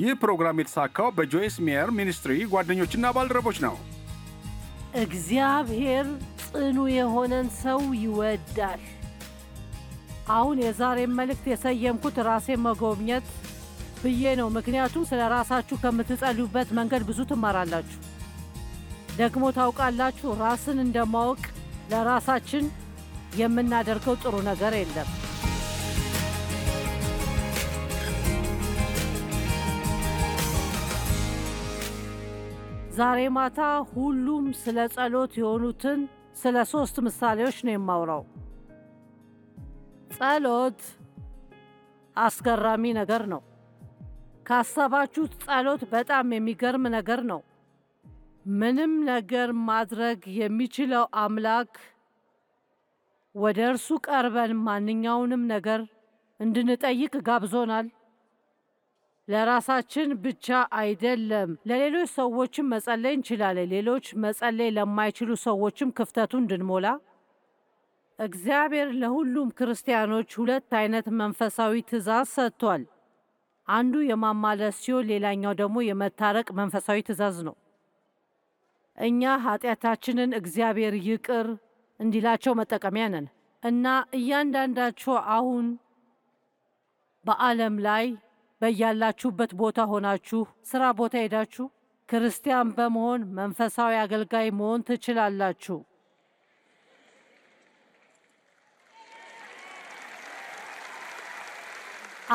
ይህ ፕሮግራም የተሳካው በጆይስ ሜየር ሚኒስትሪ ጓደኞችና ባልደረቦች ነው። እግዚአብሔር ጽኑ የሆነን ሰው ይወዳል። አሁን የዛሬን መልእክት የሰየምኩት ራሴ መጎብኘት ብዬ ነው። ምክንያቱም ስለ ራሳችሁ ከምትጸልዩበት መንገድ ብዙ ትማራላችሁ። ደግሞ ታውቃላችሁ፣ ራስን እንደማወቅ ለራሳችን የምናደርገው ጥሩ ነገር የለም። ዛሬ ማታ ሁሉም ስለ ጸሎት የሆኑትን ስለ ሶስት ምሳሌዎች ነው የማውራው። ጸሎት አስገራሚ ነገር ነው። ካሰባችሁት ጸሎት በጣም የሚገርም ነገር ነው። ምንም ነገር ማድረግ የሚችለው አምላክ ወደ እርሱ ቀርበን ማንኛውንም ነገር እንድንጠይቅ ጋብዞናል። ለራሳችን ብቻ አይደለም፣ ለሌሎች ሰዎችም መጸለይ እንችላለን። ሌሎች መጸለይ ለማይችሉ ሰዎችም ክፍተቱን እንድንሞላ እግዚአብሔር ለሁሉም ክርስቲያኖች ሁለት አይነት መንፈሳዊ ትእዛዝ ሰጥቷል። አንዱ የማማለስ ሲሆን ሌላኛው ደግሞ የመታረቅ መንፈሳዊ ትእዛዝ ነው። እኛ ኃጢአታችንን እግዚአብሔር ይቅር እንዲላቸው መጠቀሚያ ነን እና እያንዳንዳቸው አሁን በዓለም ላይ በያላችሁበት ቦታ ሆናችሁ ስራ ቦታ ሄዳችሁ ክርስቲያን በመሆን መንፈሳዊ አገልጋይ መሆን ትችላላችሁ።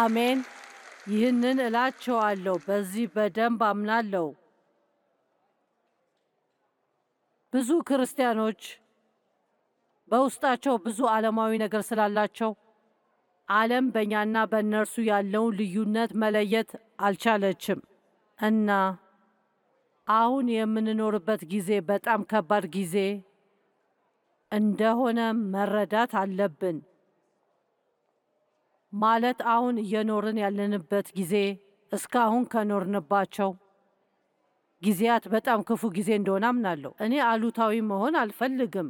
አሜን። ይህንን እላቸዋለሁ፣ በዚህ በደንብ አምናለሁ። ብዙ ክርስቲያኖች በውስጣቸው ብዙ ዓለማዊ ነገር ስላላቸው ዓለም በእኛና በእነርሱ ያለውን ልዩነት መለየት አልቻለችም እና አሁን የምንኖርበት ጊዜ በጣም ከባድ ጊዜ እንደሆነ መረዳት አለብን። ማለት አሁን እየኖርን ያለንበት ጊዜ እስካሁን ከኖርንባቸው ጊዜያት በጣም ክፉ ጊዜ እንደሆነ አምናለሁ። እኔ አሉታዊ መሆን አልፈልግም።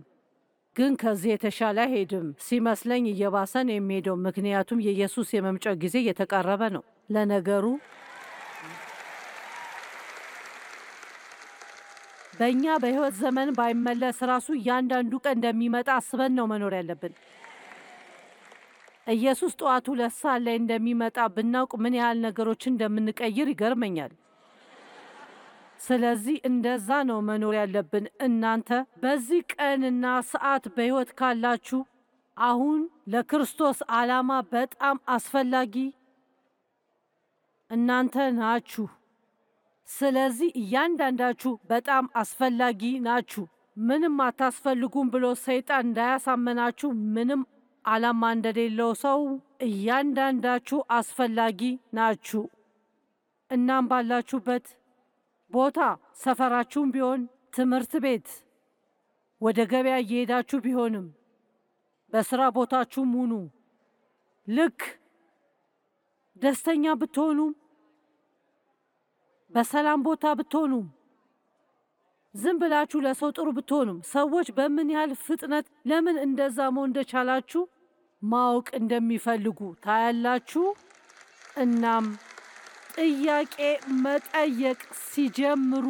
ግን ከዚህ የተሻለ አይሄድም ሲመስለኝ እየባሰን የሚሄደው ምክንያቱም የኢየሱስ የመምጫ ጊዜ እየተቃረበ ነው። ለነገሩ በእኛ በሕይወት ዘመን ባይመለስ ራሱ እያንዳንዱ ቀን እንደሚመጣ አስበን ነው መኖር ያለብን። ኢየሱስ ጠዋቱ ለሳ ላይ እንደሚመጣ ብናውቅ ምን ያህል ነገሮችን እንደምንቀይር ይገርመኛል። ስለዚህ እንደዛ ነው መኖር ያለብን። እናንተ በዚህ ቀንና ሰዓት በሕይወት ካላችሁ አሁን ለክርስቶስ ዓላማ በጣም አስፈላጊ እናንተ ናችሁ። ስለዚህ እያንዳንዳችሁ በጣም አስፈላጊ ናችሁ። ምንም አታስፈልጉም ብሎ ሰይጣን እንዳያሳመናችሁ ምንም ዓላማ እንደሌለው ሰው እያንዳንዳችሁ አስፈላጊ ናችሁ። እናም ባላችሁበት ቦታ ሰፈራችሁም ቢሆን ትምህርት ቤት ወደ ገበያ እየሄዳችሁ ቢሆንም በስራ ቦታችሁም ሁኑ ልክ ደስተኛ ብትሆኑም በሰላም ቦታ ብትሆኑም ዝም ብላችሁ ለሰው ጥሩ ብትሆኑም ሰዎች በምን ያህል ፍጥነት ለምን እንደዛ መሆን እንደቻላችሁ ማወቅ እንደሚፈልጉ ታያላችሁ። እናም ጥያቄ መጠየቅ ሲጀምሩ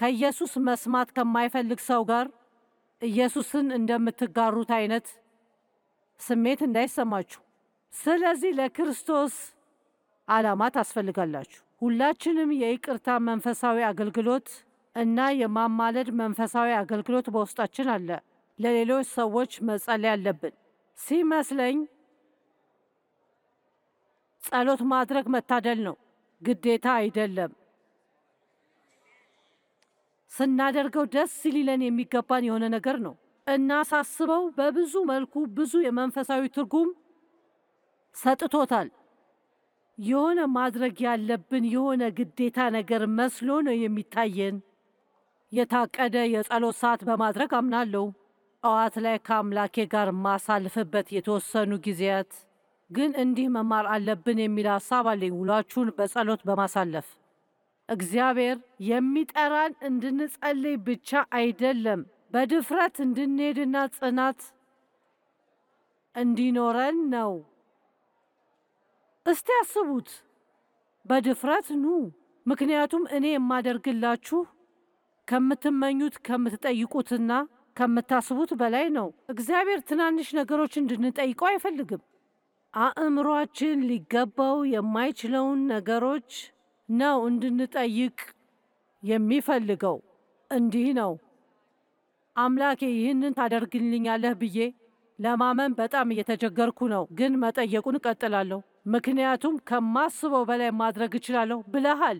ከኢየሱስ መስማት ከማይፈልግ ሰው ጋር ኢየሱስን እንደምትጋሩት አይነት ስሜት እንዳይሰማችሁ። ስለዚህ ለክርስቶስ ዓላማ ታስፈልጋላችሁ። ሁላችንም የይቅርታ መንፈሳዊ አገልግሎት እና የማማለድ መንፈሳዊ አገልግሎት በውስጣችን አለ። ለሌሎች ሰዎች መጸለይ አለብን። ሲመስለኝ ጸሎት ማድረግ መታደል ነው፣ ግዴታ አይደለም። ስናደርገው ደስ ሊለን የሚገባን የሆነ ነገር ነው እና ሳስበው በብዙ መልኩ ብዙ የመንፈሳዊ ትርጉም ሰጥቶታል። የሆነ ማድረግ ያለብን የሆነ ግዴታ ነገር መስሎ ነው የሚታየን። የታቀደ የጸሎት ሰዓት በማድረግ አምናለሁ። ጠዋት ላይ ከአምላኬ ጋር ማሳልፍበት የተወሰኑ ጊዜያት ግን እንዲህ መማር አለብን የሚል ሀሳብ አለኝ። ውሏችሁን በጸሎት በማሳለፍ እግዚአብሔር የሚጠራን እንድንጸልይ ብቻ አይደለም፣ በድፍረት እንድንሄድና ጽናት እንዲኖረን ነው። እስቲ አስቡት፣ በድፍረት ኑ። ምክንያቱም እኔ የማደርግላችሁ ከምትመኙት ከምትጠይቁትና ከምታስቡት በላይ ነው። እግዚአብሔር ትናንሽ ነገሮች እንድንጠይቀው አይፈልግም። አእምሯችን ሊገባው የማይችለውን ነገሮች ነው እንድንጠይቅ የሚፈልገው። እንዲህ ነው፣ አምላኬ ይህንን ታደርግልኛለህ ብዬ ለማመን በጣም እየተቸገርኩ ነው፣ ግን መጠየቁን እቀጥላለሁ፣ ምክንያቱም ከማስበው በላይ ማድረግ እችላለሁ ብለሃል።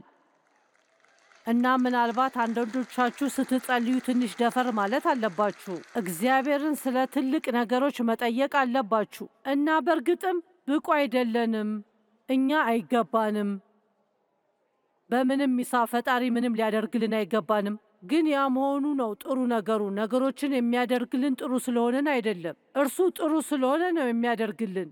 እና ምናልባት አንዳንዶቻችሁ ስትጸልዩ ትንሽ ደፈር ማለት አለባችሁ። እግዚአብሔርን ስለ ትልቅ ነገሮች መጠየቅ አለባችሁ። እና በእርግጥም ብቁ አይደለንም፣ እኛ አይገባንም። በምንም ሚሳ ፈጣሪ ምንም ሊያደርግልን አይገባንም። ግን ያ መሆኑ ነው ጥሩ ነገሩ። ነገሮችን የሚያደርግልን ጥሩ ስለሆነን አይደለም፣ እርሱ ጥሩ ስለሆነ ነው የሚያደርግልን።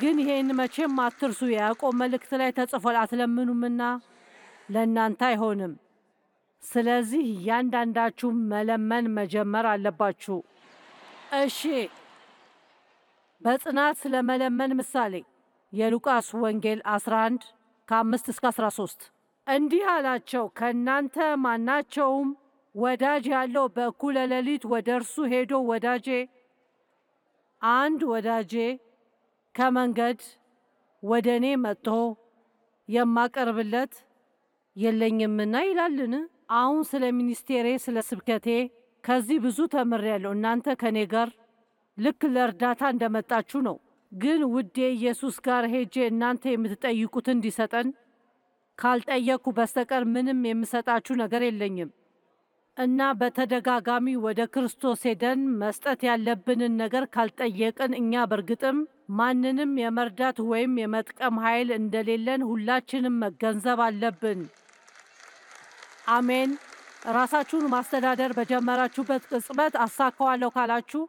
ግን ይሄን መቼም አትርሱ። የያዕቆብ መልእክት ላይ ተጽፏል፣ አትለምኑምና ለእናንተ አይሆንም። ስለዚህ እያንዳንዳችሁ መለመን መጀመር አለባችሁ። እሺ፣ በጽናት ስለ መለመን ምሳሌ የሉቃስ ወንጌል 11 ከ5 እስከ 13 እንዲህ አላቸው፣ ከእናንተ ማናቸውም ወዳጅ ያለው በእኩለ ሌሊት ወደ እርሱ ሄዶ ወዳጄ አንድ ወዳጄ ከመንገድ ወደ እኔ መጥቶ የማቀርብለት የለኝምና ይላልን? አሁን ስለ ሚኒስቴሬ ስለ ስብከቴ ከዚህ ብዙ ተምሬያለሁ። እናንተ ከእኔ ጋር ልክ ለእርዳታ እንደመጣችሁ ነው። ግን ውዴ ኢየሱስ ጋር ሄጄ እናንተ የምትጠይቁት እንዲሰጠን ካልጠየቅኩ በስተቀር ምንም የምሰጣችሁ ነገር የለኝም እና በተደጋጋሚ ወደ ክርስቶስ ሄደን መስጠት ያለብንን ነገር ካልጠየቅን እኛ በእርግጥም ማንንም የመርዳት ወይም የመጥቀም ኃይል እንደሌለን ሁላችንም መገንዘብ አለብን። አሜን። ራሳችሁን ማስተዳደር በጀመራችሁበት ቅጽበት አሳካዋለሁ ካላችሁ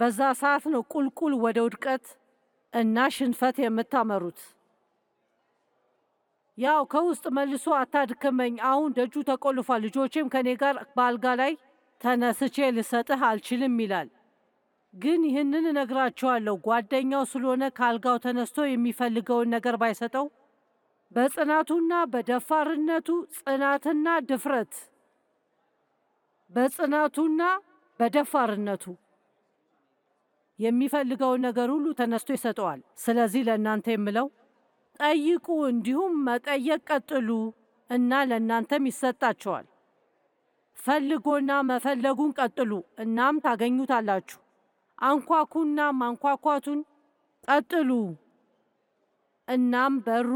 በዛ ሰዓት ነው ቁልቁል ወደ ውድቀት እና ሽንፈት የምታመሩት። ያው ከውስጥ መልሶ አታድክመኝ፣ አሁን ደጁ ተቆልፏል፣ ልጆቼም ከእኔ ጋር በአልጋ ላይ ተነስቼ ልሰጥህ አልችልም ይላል። ግን ይህንን እነግራችኋለሁ፣ ጓደኛው ስለሆነ ከአልጋው ተነስቶ የሚፈልገውን ነገር ባይሰጠው በጽናቱና በደፋርነቱ ጽናትና ድፍረት በጽናቱና በደፋርነቱ የሚፈልገውን ነገር ሁሉ ተነስቶ ይሰጠዋል። ስለዚህ ለእናንተ የምለው ጠይቁ፣ እንዲሁም መጠየቅ ቀጥሉ እና ለእናንተም ይሰጣቸዋል። ፈልጎና መፈለጉን ቀጥሉ እናም ታገኙታላችሁ። አንኳኩና ማንኳኳቱን ቀጥሉ። እናም በሩ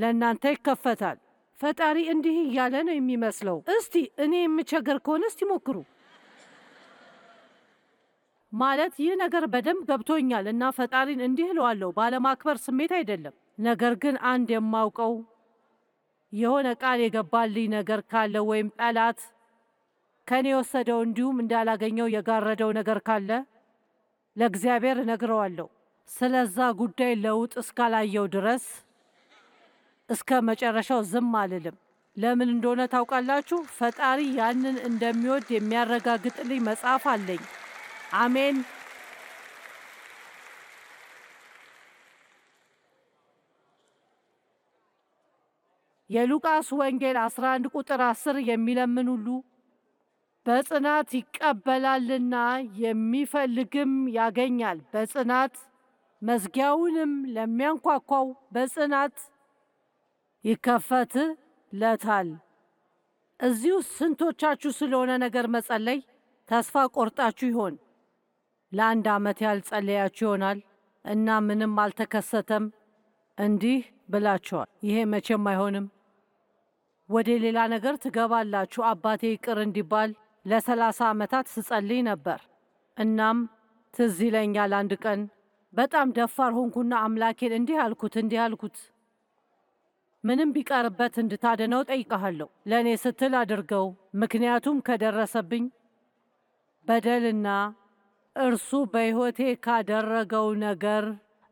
ለእናንተ ይከፈታል። ፈጣሪ እንዲህ እያለ ነው የሚመስለው። እስቲ እኔ የምቸገር ከሆነ እስቲ ሞክሩ። ማለት ይህ ነገር በደንብ ገብቶኛል እና ፈጣሪን እንዲህ እለዋለሁ ባለማክበር ስሜት አይደለም። ነገር ግን አንድ የማውቀው የሆነ ቃል የገባልኝ ነገር ካለ ወይም ጠላት ከእኔ የወሰደው እንዲሁም እንዳላገኘው የጋረደው ነገር ካለ ለእግዚአብሔር እነግረዋለሁ። ስለዛ ጉዳይ ለውጥ እስካላየው ድረስ እስከ መጨረሻው ዝም አልልም። ለምን እንደሆነ ታውቃላችሁ? ፈጣሪ ያንን እንደሚወድ የሚያረጋግጥልኝ መጽሐፍ አለኝ። አሜን። የሉቃስ ወንጌል 11 ቁጥር 10 የሚለምን ሁሉ በጽናት ይቀበላልና የሚፈልግም ያገኛል። በጽናት መዝጊያውንም ለሚያንኳኳው በጽናት ይከፈትለታል። እዚሁ ስንቶቻችሁ ስለሆነ ነገር መጸለይ ተስፋ ቆርጣችሁ ይሆን? ለአንድ ዓመት ያህል ጸለያችሁ ይሆናል እና ምንም አልተከሰተም። እንዲህ ብላችኋል፣ ይሄ መቼም አይሆንም። ወደ ሌላ ነገር ትገባላችሁ፣ አባቴ ይቅር እንዲባል ለሰላሳ ዓመታት ስጸልይ ነበር። እናም ትዝ ይለኛል አንድ ቀን በጣም ደፋር ሆንኩና አምላኬን እንዲህ አልኩት እንዲህ አልኩት ምንም ቢቀርበት እንድታድነው ጠይቀሃለሁ። ለእኔ ስትል አድርገው፣ ምክንያቱም ከደረሰብኝ በደልና እርሱ በሕይወቴ ካደረገው ነገር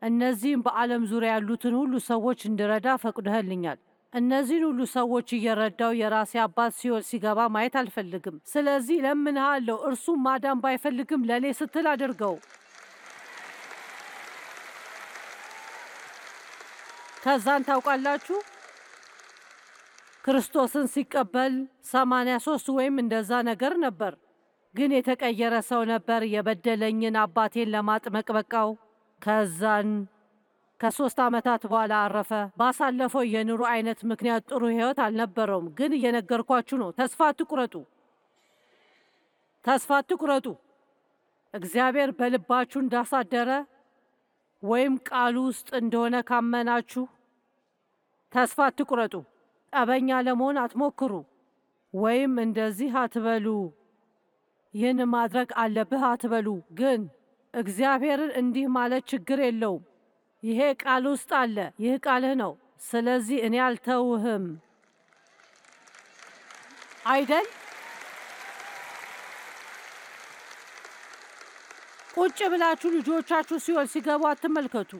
እነዚህም በዓለም ዙሪያ ያሉትን ሁሉ ሰዎች እንድረዳ ፈቅድህልኛል። እነዚህን ሁሉ ሰዎች እየረዳው የራሴ አባት ሲኦል ሲገባ ማየት አልፈልግም። ስለዚህ ለምንሃለው፣ እርሱም ማዳን ባይፈልግም ለእኔ ስትል አድርገው። ከዛን ታውቃላችሁ ክርስቶስን ሲቀበል 83 ወይም እንደዛ ነገር ነበር። ግን የተቀየረ ሰው ነበር። የበደለኝን አባቴን ለማጥመቅ በቃው። ከዛን ከሶስት ዓመታት በኋላ አረፈ። ባሳለፈው የኑሮ አይነት ምክንያት ጥሩ ህይወት አልነበረውም። ግን እየነገርኳችሁ ነው፣ ተስፋ አትቁረጡ፣ ተስፋ አትቁረጡ። እግዚአብሔር በልባችሁ እንዳሳደረ ወይም ቃሉ ውስጥ እንደሆነ ካመናችሁ ተስፋ አትቁረጡ። ጠበኛ ለመሆን አትሞክሩ፣ ወይም እንደዚህ አትበሉ፣ ይህን ማድረግ አለብህ አትበሉ። ግን እግዚአብሔርን እንዲህ ማለት ችግር የለውም ይሄ ቃል ውስጥ አለ። ይህ ቃልህ ነው። ስለዚህ እኔ አልተውህም አይደል? ቁጭ ብላችሁ ልጆቻችሁ ሲኦል ሲገቡ አትመልከቱ።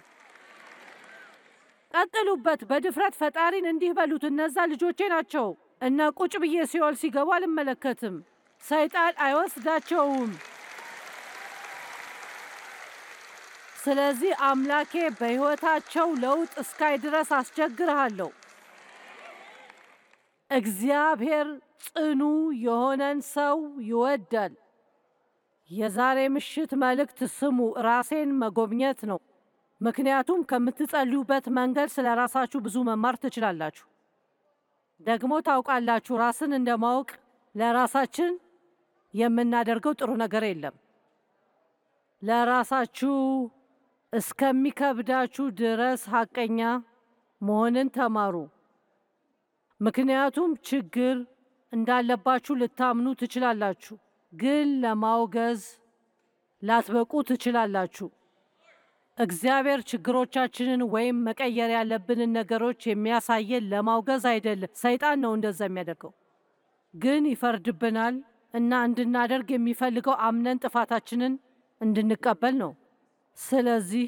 ቀጥሉበት። በድፍረት ፈጣሪን እንዲህ በሉት፣ እነዛ ልጆቼ ናቸው እና ቁጭ ብዬ ሲኦል ሲገቡ አልመለከትም። ሰይጣን አይወስዳቸውም። ስለዚህ አምላኬ በሕይወታቸው ለውጥ እስካይ ድረስ አስቸግርሃለሁ። እግዚአብሔር ጽኑ የሆነን ሰው ይወዳል። የዛሬ ምሽት መልእክት ስሙ፣ ራሴን መጎብኘት ነው። ምክንያቱም ከምትጸልዩበት መንገድ ስለ ራሳችሁ ብዙ መማር ትችላላችሁ። ደግሞ ታውቃላችሁ፣ ራስን እንደማወቅ ለራሳችን የምናደርገው ጥሩ ነገር የለም። ለራሳችሁ እስከሚከብዳችሁ ድረስ ሐቀኛ መሆንን ተማሩ። ምክንያቱም ችግር እንዳለባችሁ ልታምኑ ትችላላችሁ፣ ግን ለማውገዝ ላትበቁ ትችላላችሁ። እግዚአብሔር ችግሮቻችንን ወይም መቀየር ያለብንን ነገሮች የሚያሳየን ለማውገዝ አይደለም። ሰይጣን ነው እንደዛ የሚያደርገው፣ ግን ይፈርድብናል እና እንድናደርግ የሚፈልገው አምነን ጥፋታችንን እንድንቀበል ነው። ስለዚህ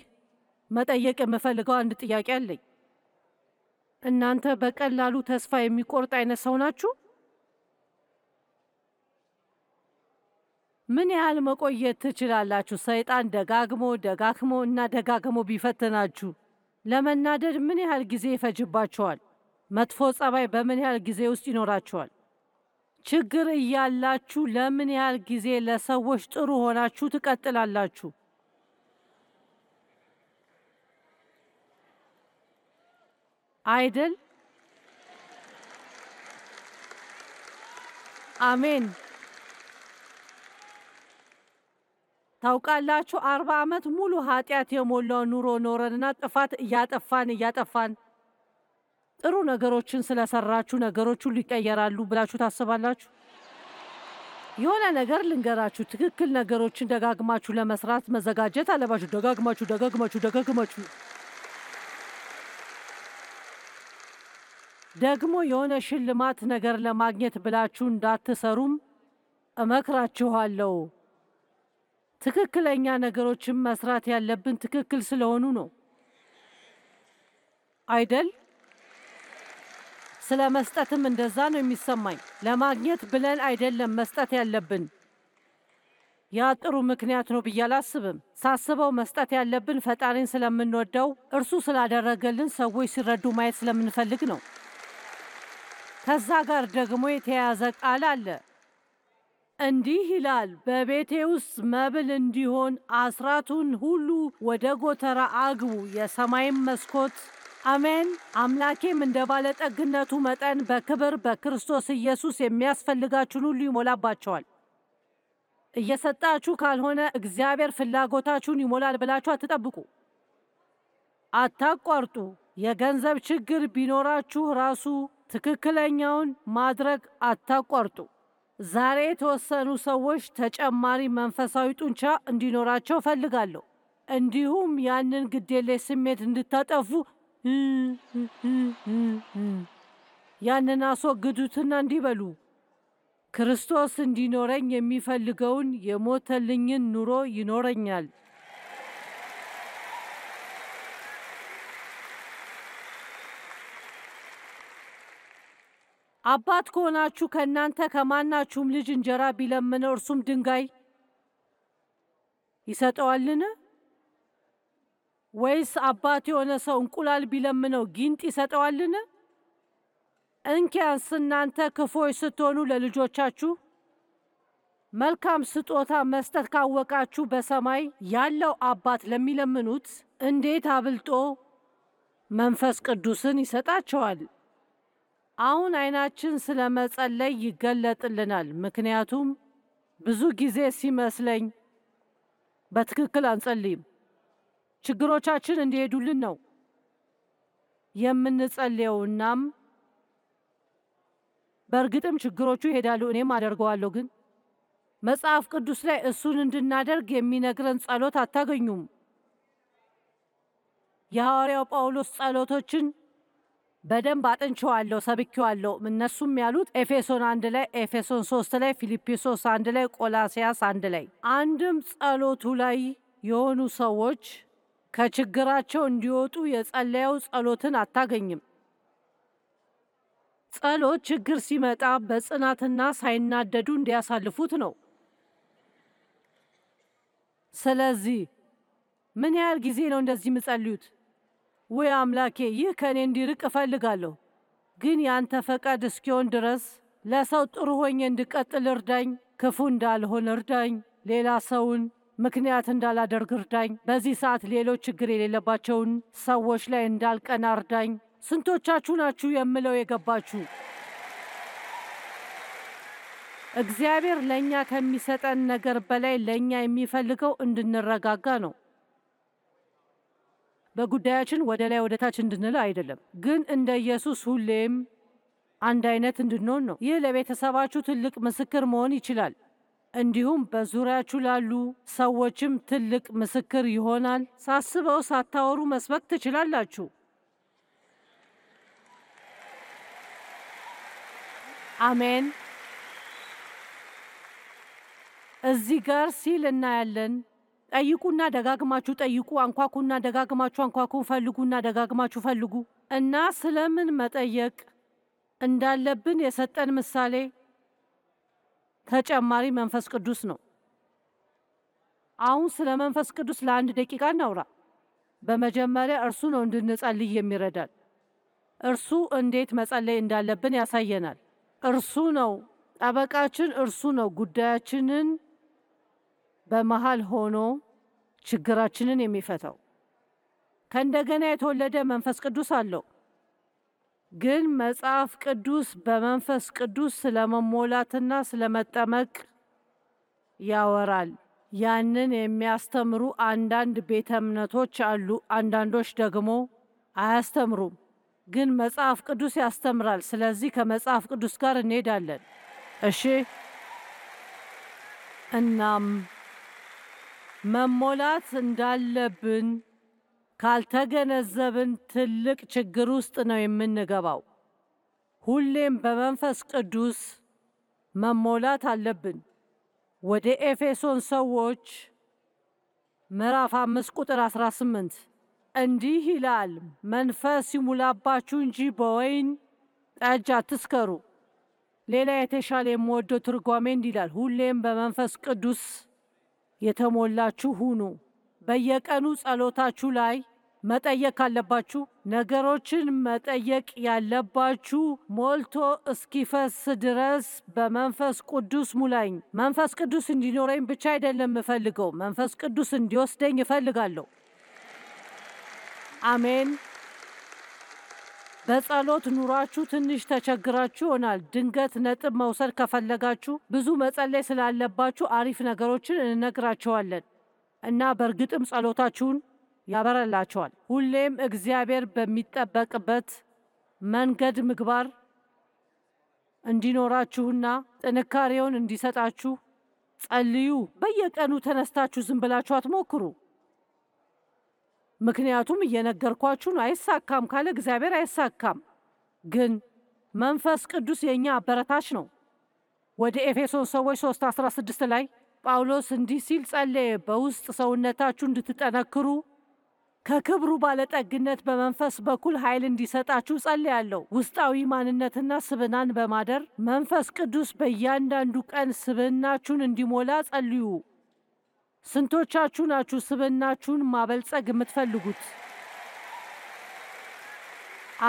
መጠየቅ የምፈልገው አንድ ጥያቄ አለኝ። እናንተ በቀላሉ ተስፋ የሚቆርጥ አይነት ሰው ናችሁ? ምን ያህል መቆየት ትችላላችሁ? ሰይጣን ደጋግሞ ደጋግሞ እና ደጋግሞ ቢፈትናችሁ ለመናደድ ምን ያህል ጊዜ ይፈጅባችኋል? መጥፎ ጸባይ በምን ያህል ጊዜ ውስጥ ይኖራችኋል? ችግር እያላችሁ ለምን ያህል ጊዜ ለሰዎች ጥሩ ሆናችሁ ትቀጥላላችሁ? አይደል? አሜን። ታውቃላችሁ አርባ ዓመት ሙሉ ኃጢአት የሞላው ኑሮ ኖረንና ጥፋት እያጠፋን እያጠፋን ጥሩ ነገሮችን ስለሰራችሁ ነገሮች ሁሉ ይቀየራሉ ብላችሁ ታስባላችሁ? የሆነ ነገር ልንገራችሁ፣ ትክክል ነገሮችን ደጋግማችሁ ለመስራት መዘጋጀት አለባችሁ። ደጋግማችሁ ደጋግማችሁ ደጋግማችሁ ደግሞ የሆነ ሽልማት ነገር ለማግኘት ብላችሁ እንዳትሰሩም እመክራችኋለሁ። ትክክለኛ ነገሮችን መስራት ያለብን ትክክል ስለሆኑ ነው አይደል? ስለ መስጠትም እንደዛ ነው የሚሰማኝ። ለማግኘት ብለን አይደለም መስጠት ያለብን። ያ ጥሩ ምክንያት ነው ብዬ አላስብም። ሳስበው መስጠት ያለብን ፈጣሪን ስለምንወደው፣ እርሱ ስላደረገልን፣ ሰዎች ሲረዱ ማየት ስለምንፈልግ ነው። ከዛ ጋር ደግሞ የተያያዘ ቃል አለ። እንዲህ ይላል፣ በቤቴ ውስጥ መብል እንዲሆን አስራቱን ሁሉ ወደ ጎተራ አግቡ፣ የሰማይም መስኮት አሜን። አምላኬም እንደ ባለጠግነቱ መጠን በክብር በክርስቶስ ኢየሱስ የሚያስፈልጋችሁን ሁሉ ይሞላባቸዋል። እየሰጣችሁ ካልሆነ እግዚአብሔር ፍላጎታችሁን ይሞላል ብላችሁ አትጠብቁ። አታቋርጡ። የገንዘብ ችግር ቢኖራችሁ ራሱ ትክክለኛውን ማድረግ አታቋርጡ። ዛሬ የተወሰኑ ሰዎች ተጨማሪ መንፈሳዊ ጡንቻ እንዲኖራቸው ፈልጋለሁ። እንዲሁም ያንን ግዴሌ ስሜት እንድታጠፉ ያንን አስወግዱትና እንዲበሉ ክርስቶስ እንዲኖረኝ የሚፈልገውን የሞተልኝን ኑሮ ይኖረኛል። አባት ከሆናችሁ ከእናንተ ከማናችሁም ልጅ እንጀራ ቢለምነው እርሱም ድንጋይ ይሰጠዋልን? ወይስ አባት የሆነ ሰው እንቁላል ቢለምነው ጊንጥ ይሰጠዋልን? እንኪያንስ እናንተ ክፎች ስትሆኑ ለልጆቻችሁ መልካም ስጦታ መስጠት ካወቃችሁ በሰማይ ያለው አባት ለሚለምኑት እንዴት አብልጦ መንፈስ ቅዱስን ይሰጣቸዋል። አሁን አይናችን ስለ መጸለይ ይገለጥልናል። ምክንያቱም ብዙ ጊዜ ሲመስለኝ በትክክል አንጸልይም። ችግሮቻችን እንዲሄዱልን ነው የምንጸልየው። እናም በእርግጥም ችግሮቹ ይሄዳሉ፣ እኔም አደርገዋለሁ። ግን መጽሐፍ ቅዱስ ላይ እሱን እንድናደርግ የሚነግረን ጸሎት አታገኙም። የሐዋርያው ጳውሎስ ጸሎቶችን በደንብ አጥንቼዋለሁ፣ ሰብኬዋለሁ። እነሱም ያሉት ኤፌሶን አንድ ላይ፣ ኤፌሶን ሶስት ላይ፣ ፊልጵሶስ አንድ ላይ፣ ቆላሲያስ አንድ ላይ አንድም ጸሎቱ ላይ የሆኑ ሰዎች ከችግራቸው እንዲወጡ የጸለየው ጸሎትን አታገኝም። ጸሎት ችግር ሲመጣ በጽናትና ሳይናደዱ እንዲያሳልፉት ነው። ስለዚህ ምን ያህል ጊዜ ነው እንደዚህ የምጸልዩት? ወይ አምላኬ፣ ይህ ከእኔ እንዲርቅ እፈልጋለሁ፣ ግን ያንተ ፈቃድ እስኪሆን ድረስ ለሰው ጥሩ ሆኜ እንድቀጥል እርዳኝ፣ ክፉ እንዳልሆን እርዳኝ፣ ሌላ ሰውን ምክንያት እንዳላደርግ እርዳኝ፣ በዚህ ሰዓት ሌሎች ችግር የሌለባቸውን ሰዎች ላይ እንዳልቀና እርዳኝ። ስንቶቻችሁ ናችሁ የምለው የገባችሁ? እግዚአብሔር ለእኛ ከሚሰጠን ነገር በላይ ለእኛ የሚፈልገው እንድንረጋጋ ነው። በጉዳያችን ወደ ላይ ወደ ታች እንድንል አይደለም፣ ግን እንደ ኢየሱስ ሁሌም አንድ አይነት እንድንሆን ነው። ይህ ለቤተሰባችሁ ትልቅ ምስክር መሆን ይችላል፣ እንዲሁም በዙሪያችሁ ላሉ ሰዎችም ትልቅ ምስክር ይሆናል። ሳስበው ሳታወሩ መስበክ ትችላላችሁ። አሜን። እዚህ ጋር ሲል እናያለን ጠይቁና ደጋግማችሁ ጠይቁ፣ አንኳኩና ደጋግማችሁ አንኳኩ፣ ፈልጉና ደጋግማችሁ ፈልጉ እና ስለምን መጠየቅ እንዳለብን የሰጠን ምሳሌ ተጨማሪ መንፈስ ቅዱስ ነው። አሁን ስለ መንፈስ ቅዱስ ለአንድ ደቂቃ እናውራ። በመጀመሪያ እርሱ ነው እንድንጸልይ የሚረዳል። እርሱ እንዴት መጸለይ እንዳለብን ያሳየናል። እርሱ ነው ጠበቃችን፣ እርሱ ነው ጉዳያችንን በመሃል ሆኖ ችግራችንን የሚፈታው ከእንደገና የተወለደ መንፈስ ቅዱስ አለው። ግን መጽሐፍ ቅዱስ በመንፈስ ቅዱስ ስለመሞላትና ስለመጠመቅ ያወራል። ያንን የሚያስተምሩ አንዳንድ ቤተ እምነቶች አሉ። አንዳንዶች ደግሞ አያስተምሩም። ግን መጽሐፍ ቅዱስ ያስተምራል። ስለዚህ ከመጽሐፍ ቅዱስ ጋር እንሄዳለን። እሺ እናም መሞላት እንዳለብን ካልተገነዘብን ትልቅ ችግር ውስጥ ነው የምንገባው። ሁሌም በመንፈስ ቅዱስ መሞላት አለብን። ወደ ኤፌሶን ሰዎች ምዕራፍ አምስት ቁጥር 18 እንዲህ ይላል፣ መንፈስ ይሙላባችሁ እንጂ በወይን ጠጅ አትስከሩ። ሌላ የተሻለ የምወደው ትርጓሜ እንዲህ ይላል፣ ሁሌም በመንፈስ ቅዱስ የተሞላችሁ ሁኑ። በየቀኑ ጸሎታችሁ ላይ መጠየቅ አለባችሁ ነገሮችን መጠየቅ ያለባችሁ ሞልቶ እስኪፈስ ድረስ በመንፈስ ቅዱስ ሙላኝ። መንፈስ ቅዱስ እንዲኖረኝ ብቻ አይደለም እፈልገው፣ መንፈስ ቅዱስ እንዲወስደኝ እፈልጋለሁ። አሜን። በጸሎት ኑሯችሁ ትንሽ ተቸግራችሁ ይሆናል። ድንገት ነጥብ መውሰድ ከፈለጋችሁ ብዙ መጸለይ ስላለባችሁ አሪፍ ነገሮችን እንነግራቸዋለን እና በእርግጥም ጸሎታችሁን ያበረላቸዋል። ሁሌም እግዚአብሔር በሚጠበቅበት መንገድ ምግባር እንዲኖራችሁና ጥንካሬውን እንዲሰጣችሁ ጸልዩ። በየቀኑ ተነስታችሁ ዝም ብላችሁ አትሞክሩ። ምክንያቱም እየነገርኳችሁ ነው። አይሳካም ካለ እግዚአብሔር አይሳካም። ግን መንፈስ ቅዱስ የእኛ አበረታች ነው። ወደ ኤፌሶን ሰዎች 3፥16 ላይ ጳውሎስ እንዲህ ሲል ጸለየ። በውስጥ ሰውነታችሁ እንድትጠነክሩ ከክብሩ ባለጠግነት በመንፈስ በኩል ኃይል እንዲሰጣችሁ ጸልያለሁ። ውስጣዊ ማንነትና ስብናን በማደር መንፈስ ቅዱስ በእያንዳንዱ ቀን ስብናችሁን እንዲሞላ ጸልዩ። ስንቶቻችሁ ናችሁ ስብናችሁን ማበልጸግ የምትፈልጉት?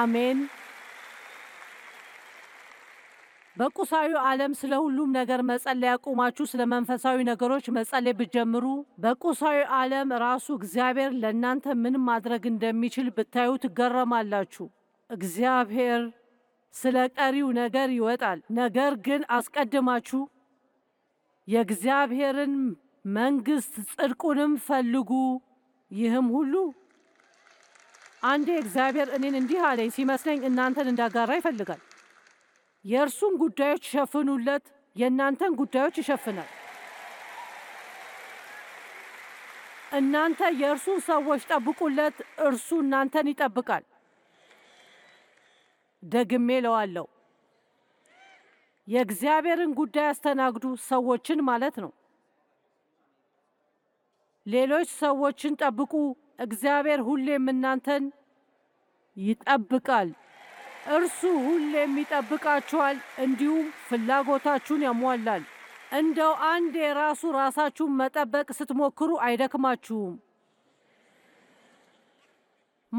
አሜን። በቁሳዊ ዓለም ስለ ሁሉም ነገር መጸለይ ያቆማችሁ ስለ መንፈሳዊ ነገሮች መጸለይ ብትጀምሩ፣ በቁሳዊ ዓለም ራሱ እግዚአብሔር ለእናንተ ምን ማድረግ እንደሚችል ብታዩ ትገረማላችሁ። እግዚአብሔር ስለ ቀሪው ነገር ይወጣል። ነገር ግን አስቀድማችሁ የእግዚአብሔርን መንግስት ጽድቁንም ፈልጉ፣ ይህም ሁሉ አንዴ እግዚአብሔር እኔን እንዲህ አለኝ ሲመስለኝ እናንተን እንዳጋራ ይፈልጋል። የእርሱን ጉዳዮች ሸፍኑለት፣ የእናንተን ጉዳዮች ይሸፍናል። እናንተ የእርሱን ሰዎች ጠብቁለት፣ እርሱ እናንተን ይጠብቃል። ደግሜ ለዋለው የእግዚአብሔርን ጉዳይ አስተናግዱ፣ ሰዎችን ማለት ነው። ሌሎች ሰዎችን ጠብቁ፣ እግዚአብሔር ሁሌም እናንተን ይጠብቃል። እርሱ ሁሌም ይጠብቃችኋል፣ እንዲሁም ፍላጎታችሁን ያሟላል። እንደው አንዴ ራሱ ራሳችሁን መጠበቅ ስትሞክሩ አይደክማችሁም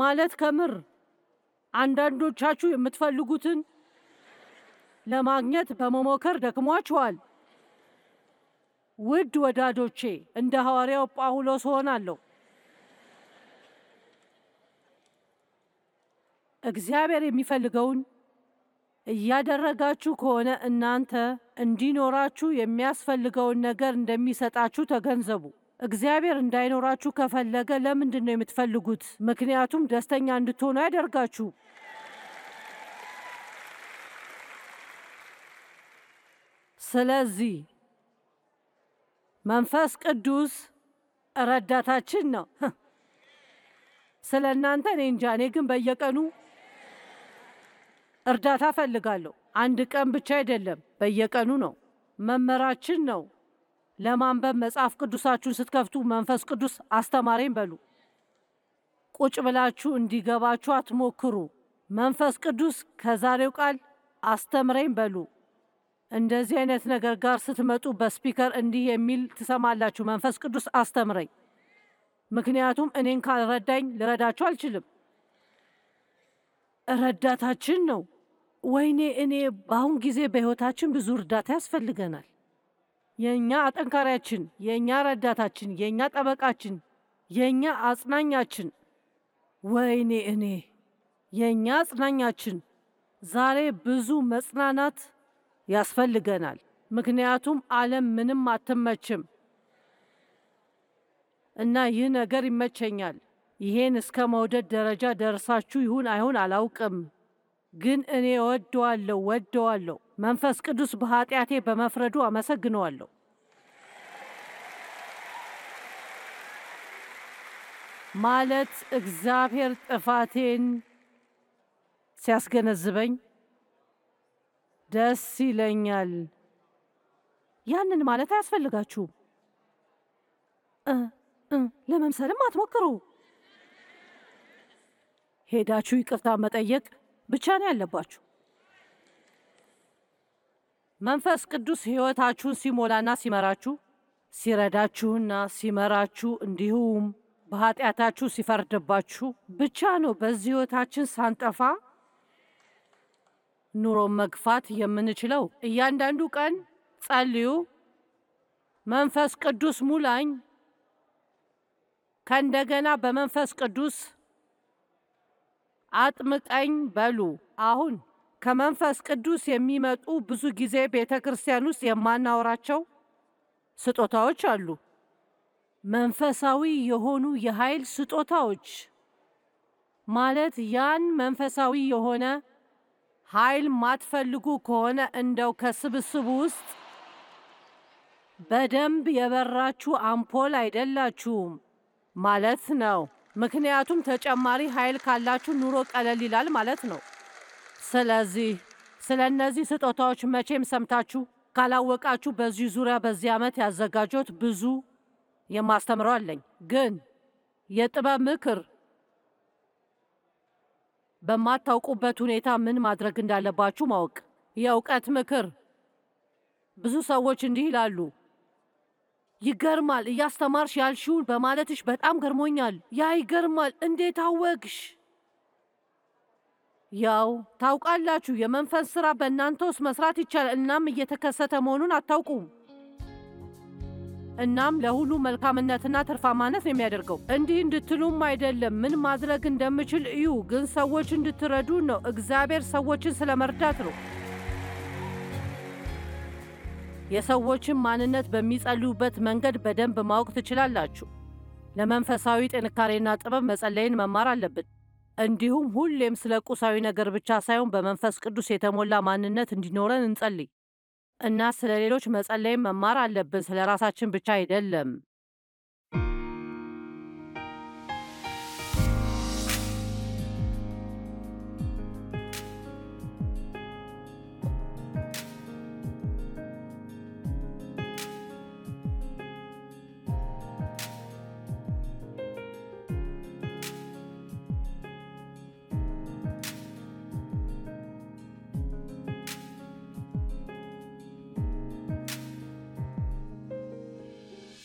ማለት ከምር አንዳንዶቻችሁ የምትፈልጉትን ለማግኘት በመሞከር ደክሟችኋል። ውድ ወዳጆቼ እንደ ሐዋርያው ጳውሎስ ሆናለሁ። እግዚአብሔር የሚፈልገውን እያደረጋችሁ ከሆነ እናንተ እንዲኖራችሁ የሚያስፈልገውን ነገር እንደሚሰጣችሁ ተገንዘቡ። እግዚአብሔር እንዳይኖራችሁ ከፈለገ ለምንድን ነው የምትፈልጉት? ምክንያቱም ደስተኛ እንድትሆኑ ያደርጋችሁ። ስለዚህ መንፈስ ቅዱስ ረዳታችን ነው። ስለ እናንተ እኔ እንጃ፣ እኔ ግን በየቀኑ እርዳታ ፈልጋለሁ። አንድ ቀን ብቻ አይደለም፣ በየቀኑ ነው። መምህራችን ነው። ለማንበብ መጽሐፍ ቅዱሳችሁን ስትከፍቱ መንፈስ ቅዱስ አስተማሪም በሉ። ቁጭ ብላችሁ እንዲገባችሁ አትሞክሩ። መንፈስ ቅዱስ ከዛሬው ቃል አስተምረኝ በሉ። እንደዚህ አይነት ነገር ጋር ስትመጡ በስፒከር እንዲህ የሚል ትሰማላችሁ፣ መንፈስ ቅዱስ አስተምረኝ፣ ምክንያቱም እኔን ካልረዳኝ ልረዳችሁ አልችልም። ረዳታችን ነው። ወይኔ እኔ በአሁን ጊዜ በሕይወታችን ብዙ እርዳታ ያስፈልገናል። የእኛ አጠንካሪያችን፣ የእኛ ረዳታችን፣ የእኛ ጠበቃችን፣ የእኛ አጽናኛችን። ወይኔ እኔ የእኛ አጽናኛችን ዛሬ ብዙ መጽናናት ያስፈልገናል። ምክንያቱም ዓለም ምንም አትመችም እና ይህ ነገር ይመቸኛል። ይሄን እስከ መውደድ ደረጃ ደርሳችሁ ይሁን አይሁን አላውቅም፣ ግን እኔ ወደዋለሁ ወደዋለሁ። መንፈስ ቅዱስ በኃጢአቴ በመፍረዱ አመሰግነዋለሁ። ማለት እግዚአብሔር ጥፋቴን ሲያስገነዝበኝ ደስ ይለኛል። ያንን ማለት አያስፈልጋችሁም። ለመምሰልም አትሞክሩ። ሄዳችሁ ይቅርታ መጠየቅ ብቻ ነው ያለባችሁ። መንፈስ ቅዱስ ሕይወታችሁን ሲሞላና ሲመራችሁ ሲረዳችሁና ሲመራችሁ እንዲሁም በኃጢአታችሁ ሲፈርድባችሁ ብቻ ነው በዚህ ሕይወታችን ሳንጠፋ ኑሮ መግፋት የምንችለው እያንዳንዱ ቀን ጸልዩ፣ መንፈስ ቅዱስ ሙላኝ፣ ከእንደገና በመንፈስ ቅዱስ አጥምቀኝ በሉ። አሁን ከመንፈስ ቅዱስ የሚመጡ ብዙ ጊዜ ቤተ ክርስቲያን ውስጥ የማናወራቸው ስጦታዎች አሉ። መንፈሳዊ የሆኑ የኃይል ስጦታዎች ማለት ያን መንፈሳዊ የሆነ ኃይል ማትፈልጉ ከሆነ እንደው ከስብስብ ውስጥ በደንብ የበራችሁ አምፖል አይደላችሁም ማለት ነው። ምክንያቱም ተጨማሪ ኃይል ካላችሁ ኑሮ ቀለል ይላል ማለት ነው። ስለዚህ ስለ እነዚህ ስጦታዎች መቼም ሰምታችሁ ካላወቃችሁ በዚህ ዙሪያ በዚህ ዓመት ያዘጋጆት ብዙ የማስተምረው አለኝ። ግን የጥበብ ምክር በማታውቁበት ሁኔታ ምን ማድረግ እንዳለባችሁ ማወቅ። የእውቀት ምክር። ብዙ ሰዎች እንዲህ ይላሉ፣ ይገርማል እያስተማርሽ ያልሽውን በማለትሽ በጣም ገርሞኛል። ያ ይገርማል፣ እንዴት አወቅሽ? ያው ታውቃላችሁ፣ የመንፈስ ስራ በእናንተ ውስጥ መስራት ይቻላል። እናም እየተከሰተ መሆኑን አታውቁም። እናም ለሁሉ መልካምነትና ትርፋማነት ነው የሚያደርገው። እንዲህ እንድትሉም አይደለም ምን ማድረግ እንደምችል እዩ፣ ግን ሰዎች እንድትረዱ ነው። እግዚአብሔር ሰዎችን ስለመርዳት ነው። የሰዎችን ማንነት በሚጸልዩበት መንገድ በደንብ ማወቅ ትችላላችሁ። ለመንፈሳዊ ጥንካሬና ጥበብ መጸለይን መማር አለብን። እንዲሁም ሁሌም ስለ ቁሳዊ ነገር ብቻ ሳይሆን በመንፈስ ቅዱስ የተሞላ ማንነት እንዲኖረን እንጸልይ። እና ስለ ሌሎች መጸለይም መማር አለብን። ስለ ራሳችን ብቻ አይደለም።